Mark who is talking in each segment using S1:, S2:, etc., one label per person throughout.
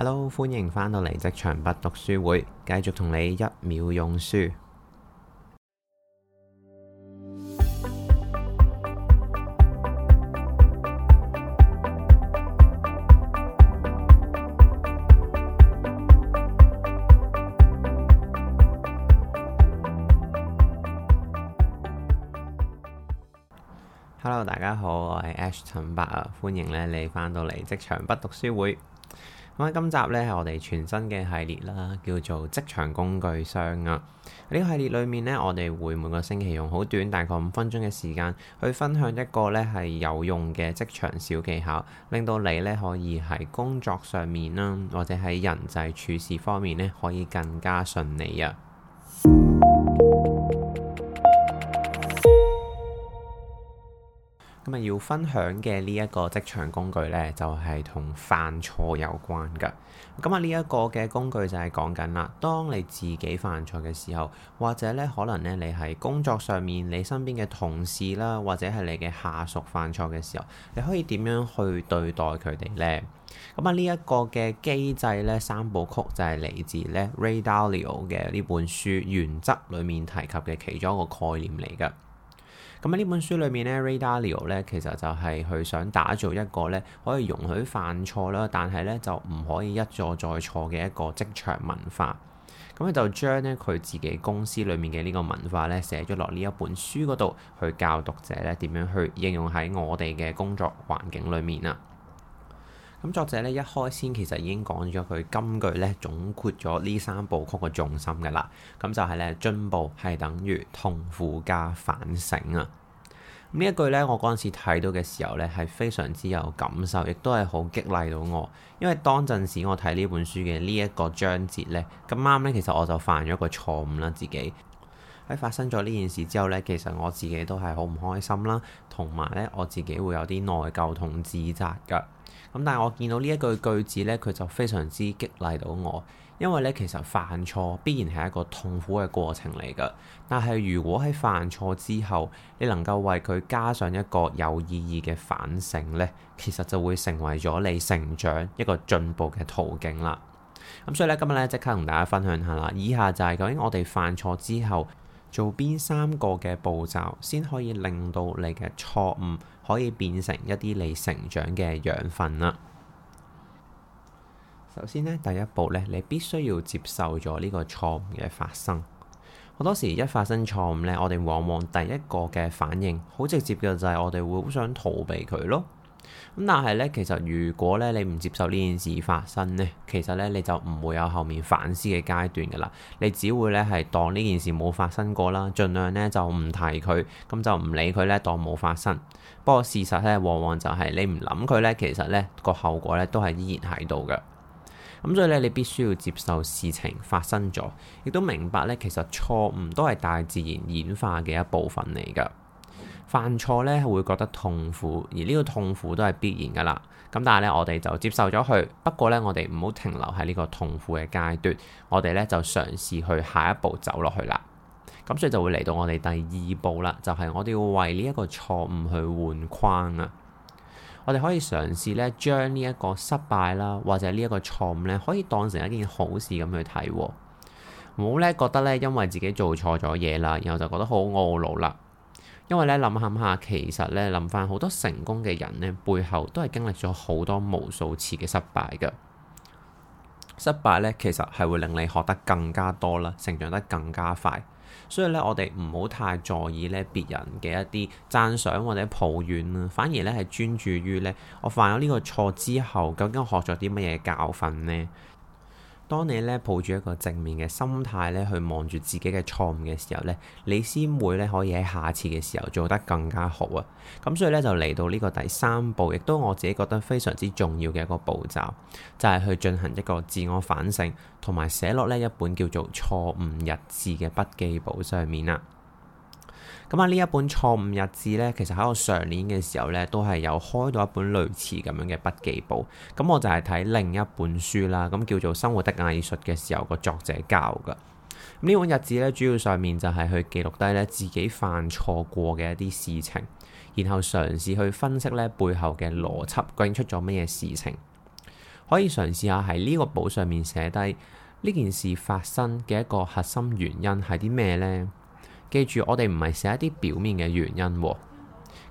S1: Hello，歡迎返到嚟職場不讀書會，繼續同你一秒用書。Hello，大家好，我係 Ash 陳伯啊，歡迎咧你返到嚟職場不讀書會。咁喺今集呢係我哋全新嘅系列啦，叫做職場工具箱啊！呢個系列裏面呢，我哋會每個星期用好短，大概五分鐘嘅時間，去分享一個呢係有用嘅職場小技巧，令到你呢可以喺工作上面啦，或者喺人際處事方面呢，可以更加順利啊！今日要分享嘅呢一個職場工具呢，就係同犯錯有關噶。咁啊，呢一個嘅工具就係講緊啦，當你自己犯錯嘅時候，或者呢可能呢你係工作上面你身邊嘅同事啦，或者係你嘅下屬犯錯嘅時候，你可以點樣去對待佢哋呢？咁啊，呢一個嘅機制呢，三部曲就係嚟自呢 Ray Dalio 嘅呢本書《原則》裡面提及嘅其中一個概念嚟噶。咁喺呢本書裏面咧 Ray Dalio 咧，其實就係佢想打造一個咧可以容許犯錯啦，但係咧就唔可以一錯再錯嘅一個職場文化。咁咧就將咧佢自己公司裏面嘅呢個文化咧寫咗落呢一本書嗰度，去教讀者咧點樣去應用喺我哋嘅工作環境裏面啊！咁作者咧一開先，其實已經講咗佢今句咧，總括咗呢三部曲嘅重心噶啦。咁就係咧進步係等於痛苦加反省啊。呢一句咧，我嗰陣時睇到嘅時候咧，係非常之有感受，亦都係好激勵到我。因為當陣時我睇呢本書嘅呢一個章節咧咁啱咧，其實我就犯咗個錯誤啦。自己喺發生咗呢件事之後咧，其實我自己都係好唔開心啦，同埋咧我自己會有啲內疚同自責噶。咁但係我見到呢一句句子呢，佢就非常之激勵到我，因為呢，其實犯錯必然係一個痛苦嘅過程嚟噶，但係如果喺犯錯之後，你能夠為佢加上一個有意義嘅反省呢，其實就會成為咗你成長一個進步嘅途徑啦。咁所以呢，今日呢，即刻同大家分享下啦，以下就係究竟我哋犯錯之後。做邊三個嘅步驟先可以令到你嘅錯誤可以變成一啲你成長嘅養分啦。首先咧，第一步咧，你必須要接受咗呢個錯誤嘅發生。好多時一發生錯誤咧，我哋往往第一個嘅反應，好直接嘅就係我哋會好想逃避佢咯。咁但係咧，其實如果咧你唔接受呢件事發生咧，其實咧你就唔會有後面反思嘅階段噶啦，你只會咧係當呢件事冇發生過啦，盡量咧就唔提佢，咁就唔理佢咧當冇發生。不過事實咧往往就係你唔諗佢咧，其實咧個後果咧都係依然喺度噶。咁所以咧你必須要接受事情發生咗，亦都明白咧其實錯誤都係大自然演化嘅一部分嚟噶。犯錯咧，會覺得痛苦，而呢個痛苦都係必然噶啦。咁但係咧，我哋就接受咗佢。不過咧，我哋唔好停留喺呢個痛苦嘅階段，我哋咧就嘗試去下一步走落去啦。咁所以就會嚟到我哋第二步啦，就係、是、我哋要為呢一個錯誤去換框啊。我哋可以嘗試咧，將呢一個失敗啦，或者呢一個錯誤咧，可以當成一件好事咁去睇。啊，唔好咧覺得咧，因為自己做錯咗嘢啦，然後就覺得好懊惱啦。因為咧諗下諗下，其實咧諗翻好多成功嘅人咧背後都係經歷咗好多無數次嘅失敗噶。失敗咧其實係會令你學得更加多啦，成長得更加快。所以咧我哋唔好太在意咧別人嘅一啲讚賞或者抱怨啦，反而咧係專注於咧我犯咗呢個錯之後究竟我學咗啲乜嘢教訓呢？當你咧抱住一個正面嘅心態咧，去望住自己嘅錯誤嘅時候咧，你先會咧可以喺下次嘅時候做得更加好啊！咁所以咧就嚟到呢個第三步，亦都我自己覺得非常之重要嘅一個步驟，就係去進行一個自我反省，同埋寫落呢一本叫做《錯誤日志》嘅筆記簿上面啦。咁啊！呢一本錯誤日誌呢，其實喺我上年嘅時候呢，都係有開到一本類似咁樣嘅筆記簿。咁我就係睇另一本書啦，咁叫做《生活的藝術》嘅時候，個作者教㗎。咁呢本日誌呢，主要上面就係去記錄低呢自己犯錯過嘅一啲事情，然後嘗試去分析呢背後嘅邏輯，究竟出咗咩嘢事情，可以嘗試下喺呢個簿上面寫低呢件事發生嘅一個核心原因係啲咩呢？記住，我哋唔係寫一啲表面嘅原因喎、哦。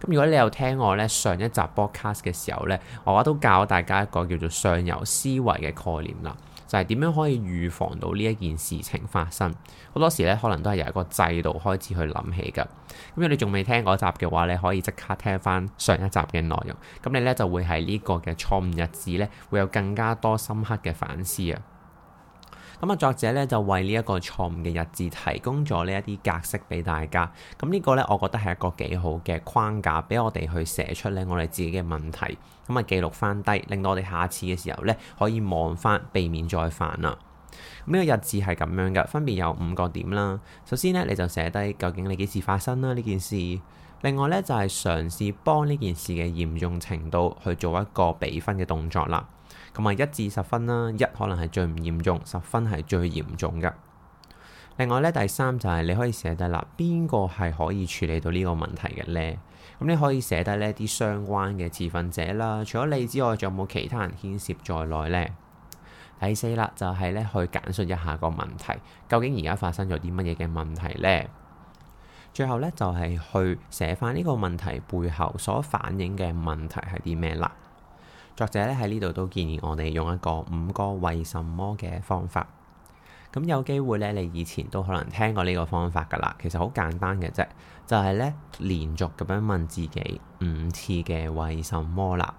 S1: 咁如果你有聽我咧上一集 broadcast 嘅時候咧，我都教大家一個叫做上游思維嘅概念啦，就係、是、點樣可以預防到呢一件事情發生。好多時咧，可能都係由一個制度開始去諗起嘅。咁如果你仲未聽嗰集嘅話，你可以即刻聽翻上一集嘅內容。咁你咧就會喺呢個嘅錯誤日子咧，會有更加多深刻嘅反思啊！咁啊，作者咧就為呢一個錯誤嘅日志提供咗呢一啲格式俾大家。咁、這個、呢個咧，我覺得係一個幾好嘅框架，俾我哋去寫出咧我哋自己嘅問題。咁啊，記錄翻低，令到我哋下次嘅時候咧可以望翻，避免再犯啊。呢、這個日誌係咁樣嘅，分別有五個點啦。首先呢，你就寫低究竟你幾時發生啦、啊、呢件事。另外呢，就係、是、嘗試幫呢件事嘅嚴重程度去做一個比分嘅動作啦。咁啊，一至十分啦，一可能係最唔嚴重，十分係最嚴重嘅。另外咧，第三就係你可以寫低啦，邊個係可以處理到呢個問題嘅呢？咁你可以寫低呢啲相關嘅自憤者啦。除咗你之外，仲有冇其他人牽涉在內呢？第四啦，就係咧去簡述一下個問題，究竟而家發生咗啲乜嘢嘅問題呢？最後咧，就係去寫返呢個問題背後所反映嘅問題係啲咩啦？作者咧喺呢度都建議我哋用一個五個為什麼嘅方法。咁有機會咧，你以前都可能聽過呢個方法噶啦。其實好簡單嘅啫，就係咧連續咁樣問自己五次嘅為什麼啦。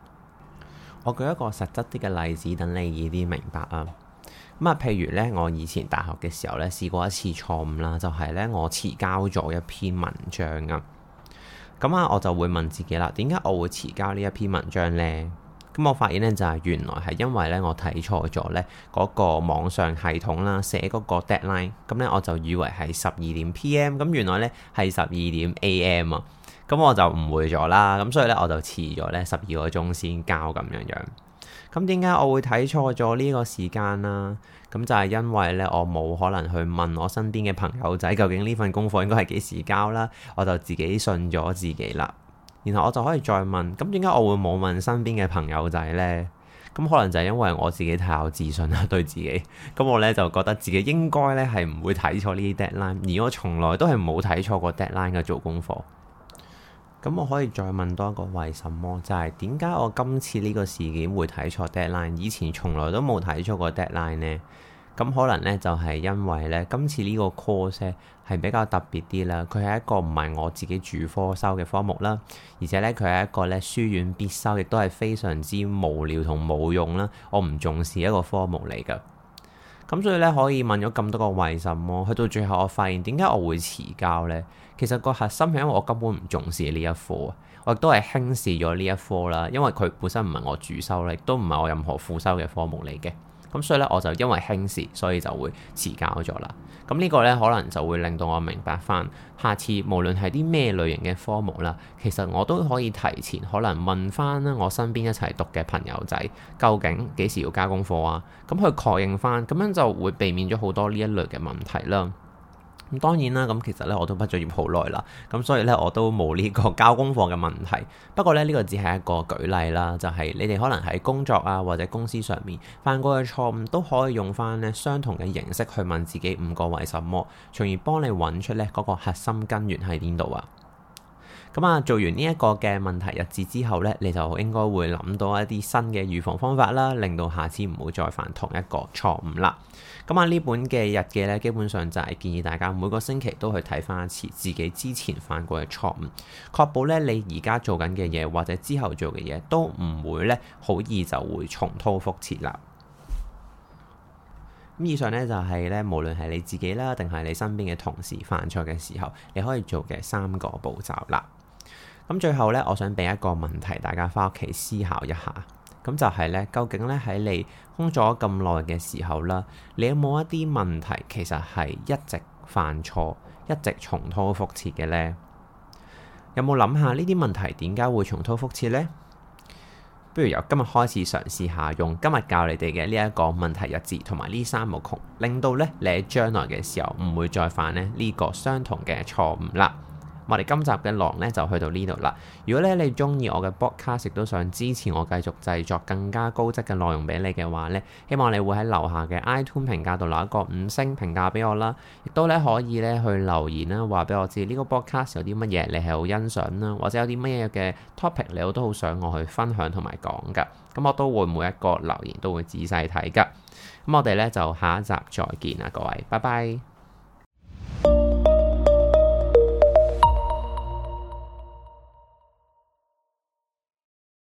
S1: 我舉一個實質啲嘅例子，等你易啲明白啊。咁啊，譬如咧，我以前大學嘅時候咧，試過一次錯誤啦，就係咧我遲交咗一篇文章啊。咁啊，我就會問自己啦，點解我會遲交呢一篇文章咧？咁我發現咧，就係原來係因為咧，我睇錯咗咧嗰個網上系統啦，寫嗰個 deadline。咁咧，我就以為係十二點 PM，咁原來咧係十二點 AM 啊。咁我就誤會咗啦。咁所以咧，我就遲咗咧十二個鐘先交咁樣樣。咁點解我會睇錯咗呢個時間啦？咁就係因為咧，我冇可能去問我身邊嘅朋友仔究竟呢份功課應該係幾時交啦，我就自己信咗自己啦。然後我就可以再問，咁點解我會冇問身邊嘅朋友仔呢？咁可能就係因為我自己太有自信啦，對自己。咁 我咧就覺得自己應該咧係唔會睇錯呢啲 deadline，而我從來都係冇睇錯過 deadline 嘅做功課。咁我可以再問多一個為什麼？就係點解我今次呢個事件會睇錯 deadline？以前從來都冇睇錯過 deadline 呢？咁可能咧就係因為咧今次呢個 course。係比較特別啲啦，佢係一個唔係我自己主科修嘅科目啦，而且咧佢係一個咧書院必修，亦都係非常之無聊同冇用啦。我唔重視一個科目嚟㗎，咁所以咧可以問咗咁多個為什麼，去到最後我發現點解我會遲交呢？其實個核心係因為我根本唔重視呢一科，我亦都係輕視咗呢一科啦，因為佢本身唔係我主修咧，亦都唔係我任何副修嘅科目嚟嘅。咁所以咧，我就因為輕視，所以就會遲交咗啦。咁呢個咧，可能就會令到我明白翻，下次無論係啲咩類型嘅科目啦，其實我都可以提前可能問翻啦，我身邊一齊讀嘅朋友仔，究竟幾時要加功課啊？咁去確認翻，咁樣就會避免咗好多呢一類嘅問題啦。咁當然啦，咁其實咧我都畢咗業好耐啦，咁所以咧我都冇呢個交功課嘅問題。不過咧呢個只係一個舉例啦，就係你哋可能喺工作啊或者公司上面犯過嘅錯誤，都可以用翻咧相同嘅形式去問自己五個為什麼，從而幫你揾出咧嗰個核心根源喺邊度啊！咁啊，做完呢一個嘅問題日誌之後呢，你就應該會諗到一啲新嘅預防方法啦，令到下次唔好再犯同一個錯誤啦。咁、嗯、啊，呢本嘅日記呢，基本上就係建議大家每個星期都去睇翻一次自己之前犯過嘅錯誤，確保呢你而家做緊嘅嘢或者之後做嘅嘢都唔會呢好易就會重蹈覆轍啦。咁、嗯、以上呢，就係、是、呢無論係你自己啦，定係你身邊嘅同事犯錯嘅時候，你可以做嘅三個步驟啦。咁最後咧，我想俾一個問題大家翻屋企思考一下，咁就係咧，究竟咧喺你工作咗咁耐嘅時候啦，你有冇一啲問題其實係一直犯錯、一直重蹈覆轍嘅呢？有冇諗下呢啲問題點解會重蹈覆轍呢？不如由今日開始嘗試下用今日教你哋嘅呢一個問題日誌同埋呢三個曲，令到咧你喺將來嘅時候唔會再犯咧呢、呢個相同嘅錯誤啦。我哋今集嘅朗咧就去到呢度啦。如果咧你中意我嘅播卡，亦都想支持我繼續製作更加高質嘅內容俾你嘅話咧，希望你會喺樓下嘅 iTunes 評價度留一個五星評價俾我啦。亦都咧可以咧去留言啦，話俾我知呢個播卡食有啲乜嘢你係好欣賞啦，或者有啲乜嘢嘅 topic 你我都好想我去分享同埋講㗎。咁我都會每一個留言都會仔細睇㗎。咁我哋咧就下一集再見啦，各位，拜拜。